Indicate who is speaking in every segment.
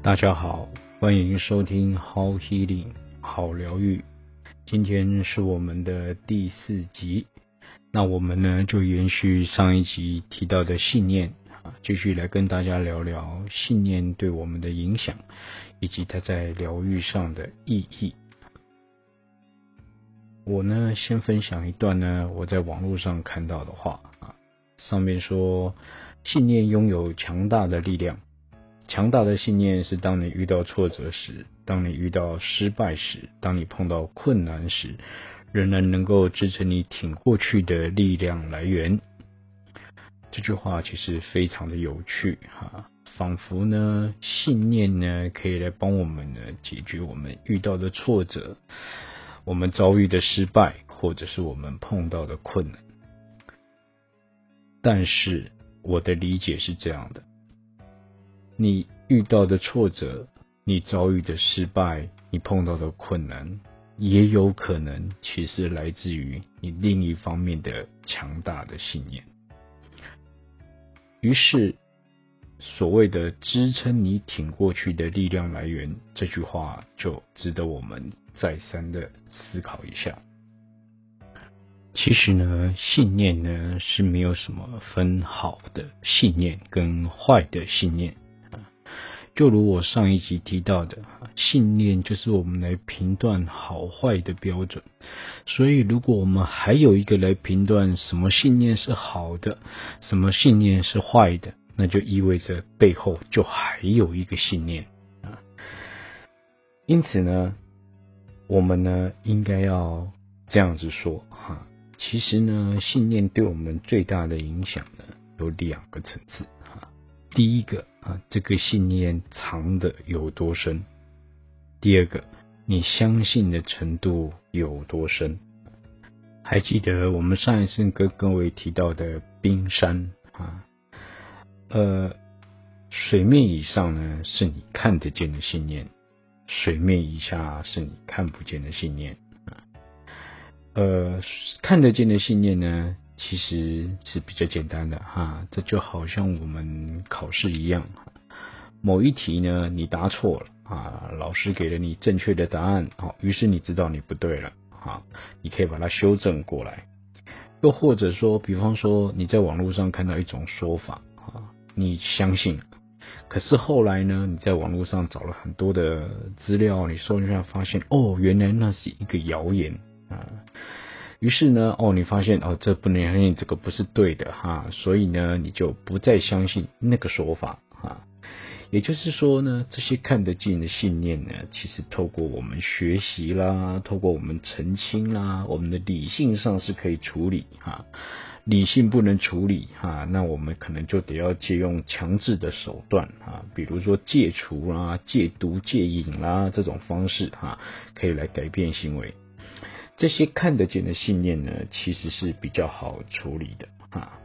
Speaker 1: 大家好，歡迎收聽 How Healing，好療癒。今天是我們的第四集，那我們呢就延續上一集提到的信念啊，繼續來跟大家聊聊信念對我們的影響，以及它在療癒上的意義。我呢先分享一段呢我在網絡上看到的話啊，上面說信念擁有強大的力量。強大的信念是當你遇到挫折時，當你遇到失敗時，當你碰到困難時，仍然能夠支撐你挺過去的力量來源。這句話其實非常的有趣哈，仿佛呢信念呢可以來幫我們呢解決我們遇到的挫折，我們遭遇的失敗，或者是我們碰到的困難。但是我的理解是這樣的。你遇到的挫折，你遭遇的失敗，你碰到的困難，也有可能其實來自於你另一方面的強大的信念。於是，所謂的支撐你挺過去的力量來源，這句話就值得我們再三的思考一下。其實呢，信念呢，是沒有什麼分好的信念跟壞的信念。就如我上一集提到的，信念就是我們來評斷好壞的標準。所以，如果我們還有一個來評斷什麼信念是好的，什麼信念是壞的，那就意味着背後就還有一個信念啊。因此呢，我們呢應該要這樣子說哈。其實呢，信念對我們最大的影響呢有兩個層次哈。第一個。這個信念藏得有多深？第二個，你相信的程度有多深？還記得我們上一次跟各位提到的冰山啊，呃，水面以上呢是你看得見的信念，水面以下是你看不見的信念啊，呃，看得見的信念呢？其實是比較簡單的哈、啊，這就好像我們考試一樣，某一題呢你答錯了啊，老師給了你正確的答案，好、啊，於是你知道你不對了啊，你可以把它修正過來。又或者說，比方說你在網絡上看到一種說法啊，你相信，可是後來呢你在網絡上找了很多的資料，你搜一下發現哦，原來那是一個謠言啊。於是呢，哦，你發現哦，這不能相信，這個不是對的哈，所以呢，你就不再相信那個說法哈。也就是說呢，這些看得見的信念呢，其實透過我們學習啦，透過我們澄清啦，我們的理性上是可以處理哈。理性不能處理哈，那我們可能就得要借用強制的手段哈，比如說戒除啦、戒毒戒癮、戒癮啦這種方式哈，可以來改變行為。這些看得見的信念呢，其實是比較好處理的啊。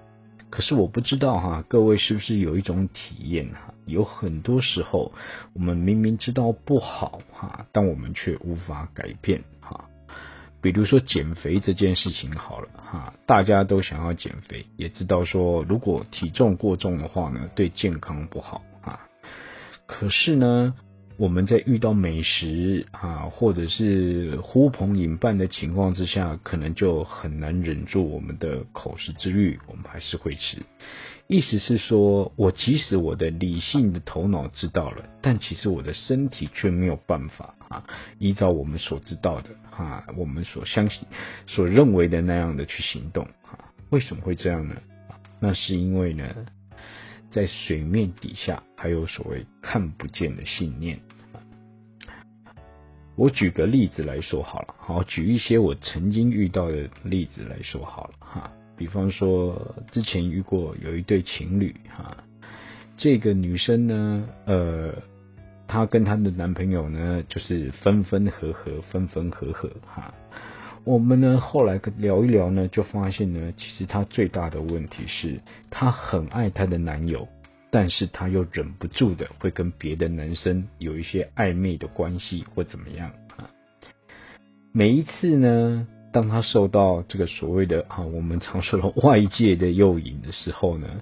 Speaker 1: 可是我不知道哈，各位是不是有一種體驗哈？有很多時候，我們明明知道不好哈，但我們卻無法改變哈。比如說減肥這件事情好了哈，大家都想要減肥，也知道說如果體重過重的話呢，對健康不好啊。可是呢，我們在遇到美食啊，或者是呼朋引伴的情況之下，可能就很難忍住我們的口舌之欲，我們還是會吃。意思是說，我即使我的理性的頭腦知道了，但其實我的身體卻沒有辦法啊，依照我們所知道的啊，我們所相信、所認為的那樣的去行動啊。為什麼會這樣呢？那是因為呢。在水面底下還有所謂看不見的信念。我舉個例子來說好了，好，舉一些我曾經遇到的例子來說好了哈。比方說之前遇過有一對情侶哈，這個女生呢，呃，她跟她的男朋友呢，就是分分合合，分分合合哈。我們呢，後來聊一聊呢，就發現呢，其實她最大的問題是，她很愛她的男友，但是她又忍不住的會跟別的男生有一些曖昧的關係或怎麼樣啊。每一次呢，當她受到這個所謂的啊，我們常說的外界的誘引的時候呢，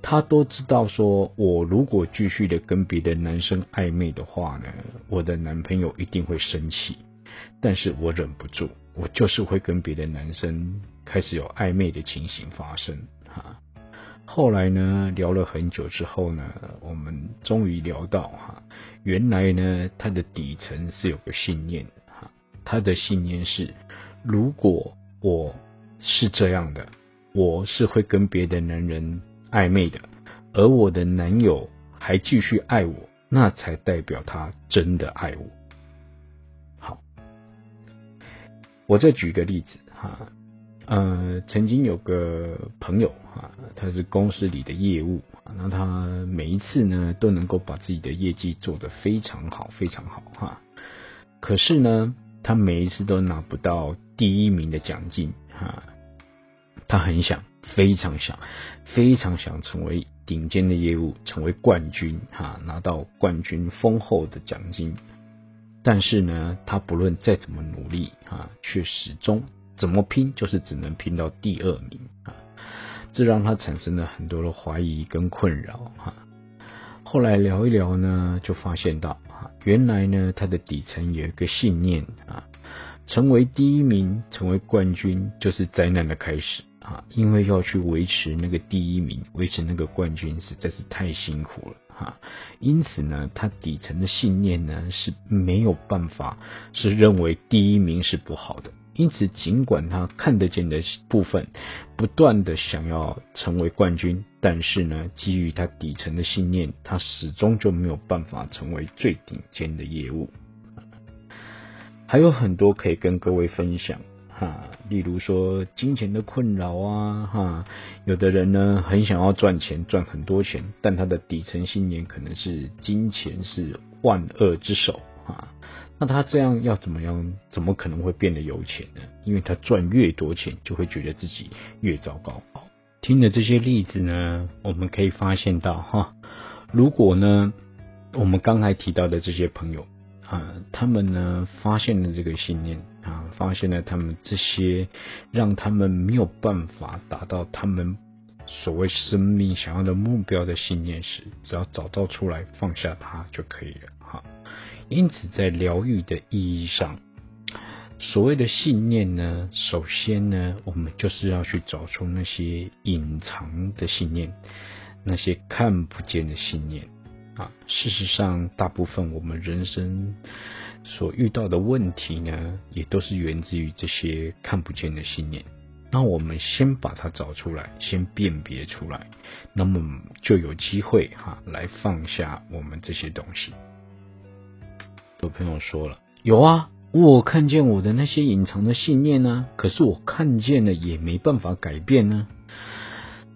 Speaker 1: 她都知道說，我如果繼續的跟別的男生曖昧的話呢，我的男朋友一定會生氣，但是我忍不住。我就是會跟別的男生開始有曖昧的情形發生，哈。後來呢，聊了很久之後呢，我們終於聊到，哈，原來呢，他的底層是有個信念，哈，他的信念是，如果我是這樣的，我是會跟別的男人曖昧的，而我的男友還繼續愛我，那才代表他真的愛我。我再舉一個例子哈，呃，曾經有個朋友哈，他是公司裡的業務，那他每一次呢都能夠把自己的業績做得非常好，非常好哈。可是呢，他每一次都拿不到第一名的獎金哈，他很想，非常想，非常想成為頂尖的業務，成為冠軍哈，拿到冠軍豐厚的獎金。但是呢，他不論再怎麼努力啊，卻始終怎麼拼就是只能拼到第二名啊，這讓他產生了很多的懷疑跟困擾哈、啊，後來聊一聊呢，就發現到啊，原來呢他的底層有一個信念啊，成為第一名、成為冠軍就是災難的開始啊，因為要去維持那個第一名、維持那個冠軍實在是太辛苦了。哈，因此呢，他底層的信念呢是沒有辦法是認為第一名是不好的。因此，儘管他看得見的部分不斷的想要成為冠軍，但是呢，基於他底層的信念，他始終就沒有辦法成為最頂尖的業務。還有很多可以跟各位分享。啊，例如說金錢的困擾啊，哈，有的人呢很想要賺錢，賺很多錢，但他的底層信念可能是金錢是萬惡之首啊。那他這樣要怎麼樣，怎麼可能會變得有錢呢？因為他賺越多錢，就會覺得自己越糟糕。聽了這些例子呢，我們可以發現到哈，如果呢我們剛才提到的這些朋友啊，他們呢發現了這個信念。啊，發現了他們這些讓他們沒有辦法達到他們所謂生命想要的目標的信念時，只要找到出來放下它，就可以了。哈，因此在療癒的意義上，所謂的信念呢，首先呢，我們就是要去找出那些隱藏的信念，那些看不見的信念。啊，事實上，大部分我們人生。所遇到的問題呢，也都是源自於這些看不見的信念。那我們先把它找出來，先辨別出來，那麼就有機會哈來放下我們這些東西。有朋友說了，有啊，我看見我的那些隱藏的信念呢，可是我看見了也沒辦法改變呢。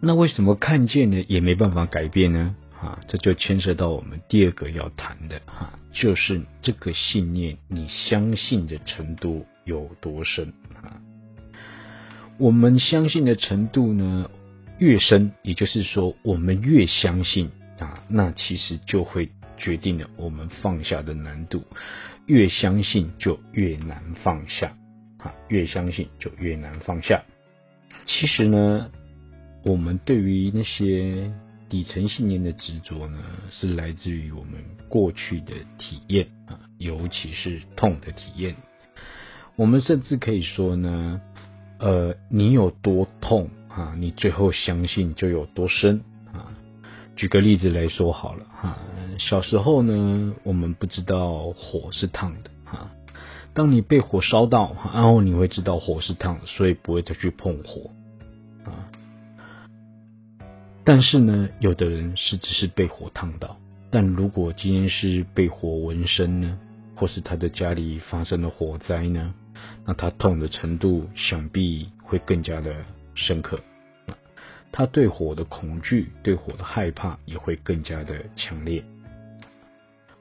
Speaker 1: 那為什麼看見了也沒辦法改變呢？啊，這就牽涉到我們第二個要談的哈，啊，就是這個信念，你相信的程度有多深啊？我們相信的程度呢越深，也就是說我們越相信啊，那其實就會決定了我們放下的難度，越相信就越難放下啊，越相信就越難放下。其實呢，我們對於那些。底層信念的執着呢，是來自於我們過去的體驗啊，尤其是痛的體驗。我們甚至可以說呢，呃，你有多痛啊，你最後相信就有多深啊。舉個例子來說好了哈、啊，小時候呢，我們不知道火是燙的哈、啊，當你被火燒到，然後你會知道火是燙，所以不會再去碰火。但是呢，有的人是只是被火燙到，但如果今天是被火紋身呢，或是他的家裡發生了火災呢，那他痛的程度想必會更加的深刻，他對火的恐懼、對火的害怕也會更加的強烈。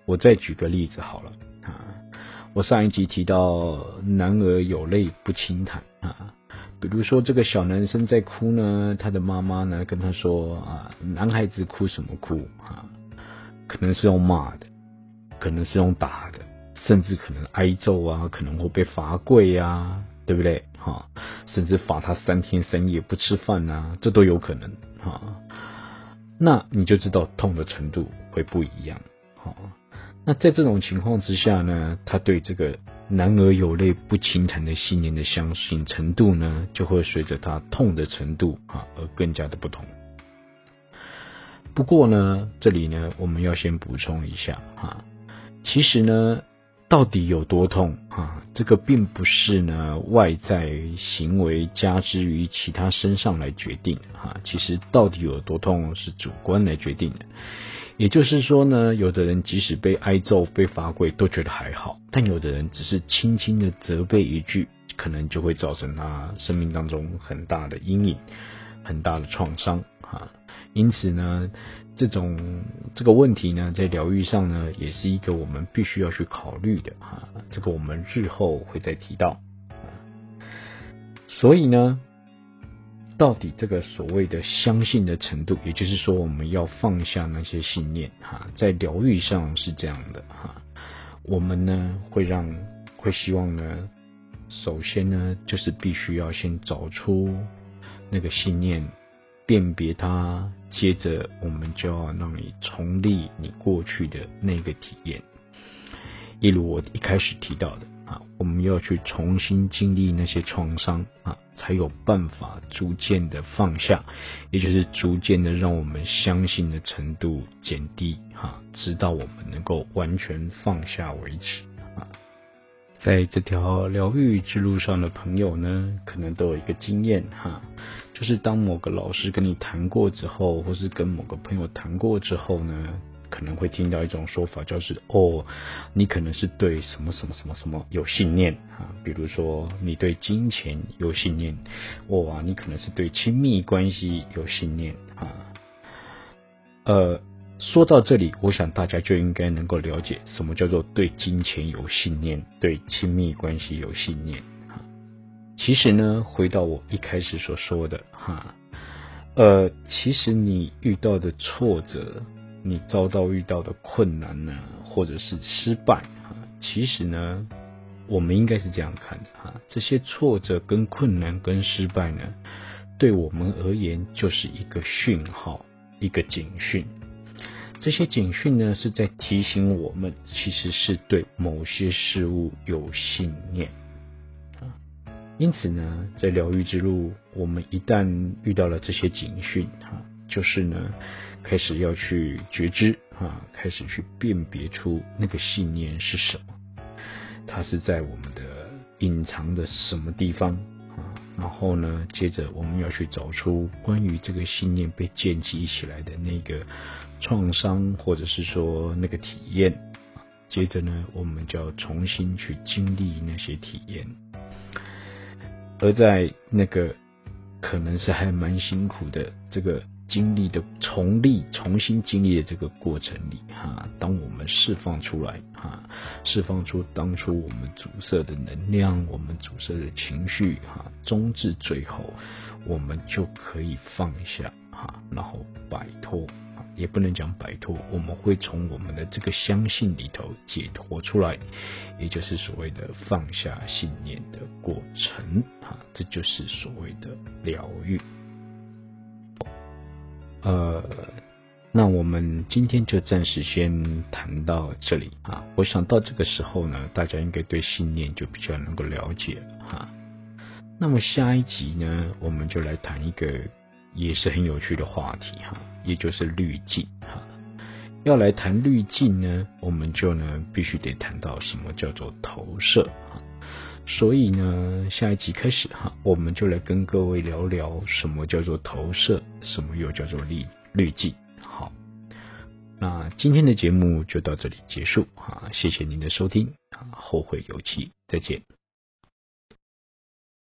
Speaker 1: 我再舉個例子好了，啊，我上一集提到男兒有淚不輕彈啊。比如說，這個小男生在哭呢，他的媽媽呢跟他說：“啊，男孩子哭什麼哭啊？”可能是用罵的，可能是用打的，甚至可能挨揍啊，可能會被罰跪呀、啊，對不對？哈、啊，甚至罰他三天三夜不吃飯吶、啊，這都有可能哈、啊。那你就知道痛的程度會不一樣。啊、那在這種情況之下呢，他對這個。男兒有淚不輕彈的信念的相信程度呢，就會隨着他痛的程度啊而更加的不同。不過呢，這裡呢我們要先補充一下啊，其實呢到底有多痛啊，這個並不是呢外在行為加之於其他身上來決定啊，其實到底有多痛是主觀來決定的。也就是說呢，有的人即使被挨揍，被罰跪，都覺得還好；但有的人只是輕輕的責備一句，可能就會造成他生命當中很大的陰影，很大的創傷啊。因此呢，這種這個問題呢，在療癒上呢，也是一個我們必須要去考慮的哈，這個我們日後會再提到啊。所以呢。到底這個所謂的相信的程度，也就是說，我們要放下那些信念哈，在療癒上是這樣的哈。我們呢會讓，會希望呢，首先呢就是必須要先找出那個信念，辨別它，接着我們就要讓你重歷你過去的那個體驗，一如我一開始提到的。啊，我們要去重新經歷那些創傷啊，才有辦法逐漸的放下，也就是逐漸的讓我們相信的程度減低哈、啊，直到我們能夠完全放下為止啊。在這條療癒之路上的朋友呢，可能都有一個經驗哈、啊，就是當某個老師跟你談過之後，或是跟某個朋友談過之後呢。可能會聽到一種說法，就是哦，你可能是對什麼什麼什麼什麼有信念啊，比如說你對金錢有信念，哇，哦，啊，你可能是對親密關係有信念啊。呃，說到這裡，我想大家就應該能夠了解什麼叫做對金錢有信念，對親密關係有信念啊，其實呢，回到我一開始所說的哈，啊，呃，其實你遇到的挫折。你遭到遇到的困難呢，或者是失敗啊，其實呢，我們應該是這樣看的啊，這些挫折跟困難跟失敗呢，對我們而言就是一個訊號，一個警訊。這些警訊呢，是在提醒我們，其實是對某些事物有信念啊。因此呢，在療癒之路，我們一旦遇到了這些警訊，啊，就是呢。開始要去覺知啊，開始去辨別出那個信念是什麼，它是在我們的隱藏的什麼地方啊。然後呢，接着我們要去找出關於這個信念被建立起來的那個創傷，或者是說那個體驗，啊。接着呢，我們就要重新去經歷那些體驗，而在那個可能是還蠻辛苦的這個。經歷的重力重新經歷的這個過程裡，哈，當我們釋放出來，哈，釋放出當初我們阻塞的能量，我們阻塞的情緒，哈，終至最後，我們就可以放下，哈，然後擺脫，也不能講擺脫，我們會從我們的這個相信裡頭解脫出來，也就是所謂的放下信念的過程，哈，這就是所謂的療癒。呃，那我們今天就暫時先談到這裡啊。我想到這個時候呢，大家應該對信念就比較能夠了解哈、啊。那麼下一集呢，我們就來談一個也是很有趣的話題哈、啊，也就是濾鏡哈、啊。要來談濾鏡呢，我們就呢必須得談到什麼叫做投射啊。所以呢，下一集開始哈，我們就來跟各位聊聊什麼叫做投射，什麼又叫做濾濾鏡。好，那今天的節目就到這裡結束哈，謝謝您的收聽啊，後會有期，再見。